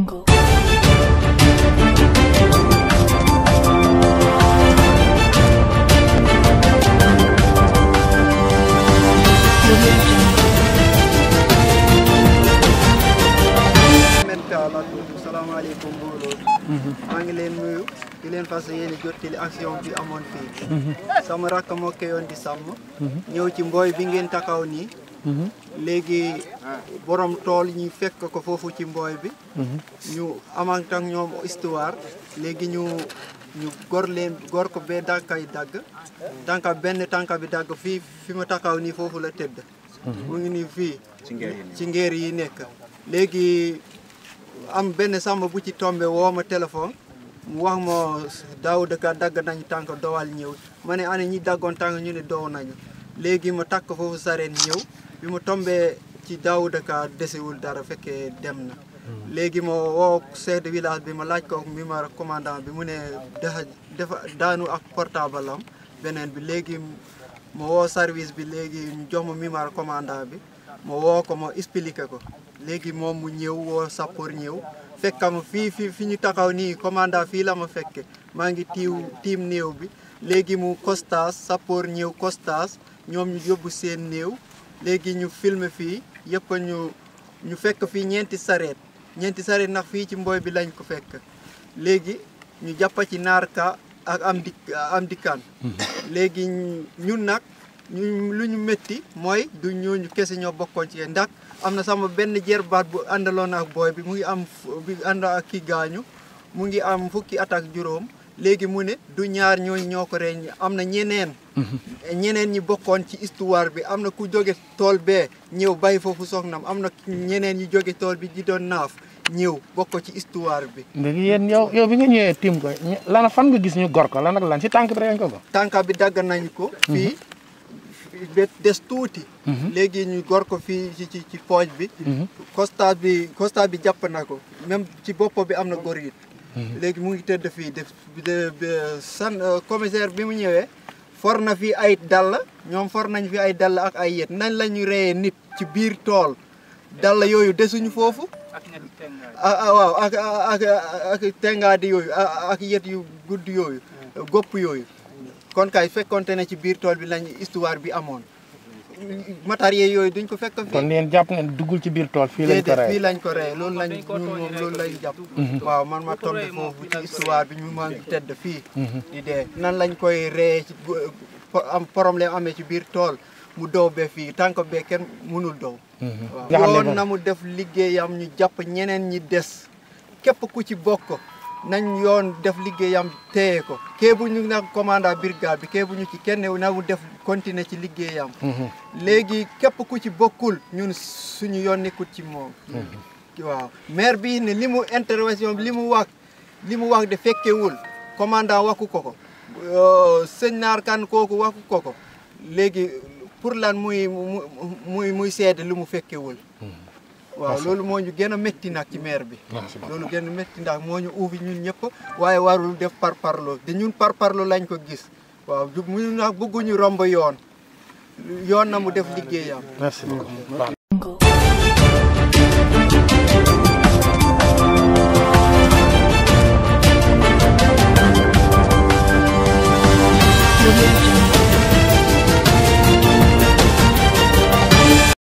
jungle salaamaaleykum mbooloo maa ngi leen nuyu di leen fas yéene jottali action bi amoon fii mhm. sama rakk mokke yoon di sàmm mhm. ñëw ci mbooy bi ngeen taxaw nii léegi boroom tool ñi fekk ko foofu ci mbooy bi ñu amant ak ñoom histoire léegi ñu ñu gor leen gor ko bee dànkay dagg tànka benn tànka bi dagg fii fi ma takkaw nii foofu la tëdd mu ngi nii fii ci ngeer yi nekk léegi am benn sàmm bu ci tombé woo ma téléphone mu wax ma Daouda Ka dagg nañ tànk dowal ñëw ma ne ana ñi daggoon tànk ñu ne dow nañu léegi ma takk foofu sareen ñëw bi mu tombee ci Daouda Ka desewul dara fekkee dem na hmm. léegi ma woo chef de bi ma laaj ko mi ma commandant bi mu ne dafa dafa daanu ak portable beneen bi léegi ma service bi léegi mu jox ma commandant bi ma ko ma expliqué ko léegi moom mu ñëw woo sappoor ñëw fekka ma fii fi fi ñu taxaw nii commandant fii la ma fekke maa ngi tiiw tiim néew bi léegi mu costas sappoor ñëw costas ñoom ñu yóbbu seen néew léegi ñu film fii yëpp ñu ñu fekk fii ñeenti sareet ñeenti sareet ndax fii ci mbooy bi lañ ko fekk léegi ñu jàppa ci naar ka ak am dikkaan mhm. léegi ñun nag ñu lu ñu métti mooy du ñooñu kese ñoo bokkoon ci ndax am na sama benn jerbaat bu àndaloon ak booy bi mu ngi am bi kii gaañu mu ngi am fukki at juróom léegi mu ne du ñaar ñooñ ñoo ko rey am na ñeneen mhm. ñeneen ñi bokkoon ci histoire bi am na ku jóge tool bee ñëw bay foofu soxnam am na ñeneen ñi jóge tool bi di doon naaf ñëw bokk ci histoire bi léegi yéen yow yow bi ñu ñëwee tiim ko lana fan nga gis ñu gor ko lan ak lan ci tànk bi rek ko ko tànka bi dagg nañ ko mhm. fii des tuuti mhm. léegi ñu gor ko fii ci ci ci pooj bi constat bi constat bi jàpp na ko même ci bopp bi am na gor it léegi mu ngi tëdd fii def san euh, commissaire bi mu ñëwee for na fi ay dàll ñoom for nañ fi ay dàll ak ay yet nañ la ñu reyee nit ci biir tool dàll yooyu desuñu foofu ah, ah waaw ak ak ak tengaadi yooyu ah, ak yet yu gudd yooyu hmm. gopp yooyu kon kay fekkonte ne ci biir tool bi lañ histoire bi amoon matériel yooyu duñ ko fekk fii. kon yéen jàpp ngeen duggul ci biir tool fii lañ ko rey fii lañ ko rey loolu lañ ñun moom loolu lañ jàpp. Mhm. waaw man ma toll foofu ci histoire bi ñu ma tedd fii. Mhm. di nan lañ koy reyee ci am problème amee ci biir tool mu dow be fii tant be bee kenn mënul dow. Mhm. waaw na mu def liggéeyam ñu jàpp ñeneen ñi des képp ku ci bokk. nañ yoon def liggéeyam téye ko kee bu ñu nag commanda brigade bi kee bu ñu ci kenn nagu def continuer ci liggéeyam mhm. léegi képp ku ci bokkul ñun suñu yoon nekkul ci moom mhm. waaw maire bi ne li mu intervention li mu wax li mu wax de fekkewul commandant waxu ko ko euh, sëñ naar kan kooku waxu ko ko léegi pour lan muy muy muy seede li mu fekkewul mhm. waaw loolu moo ñu gën a métti nag ci maire bi loolu gën a métti ndax moo ñu uufi ñun ñëpp waaye warul def par parparloo de ñun par parparloo lañ ko gis waaw mu nag bëgguñu romb yoon yoon na mu def liggéeyam merci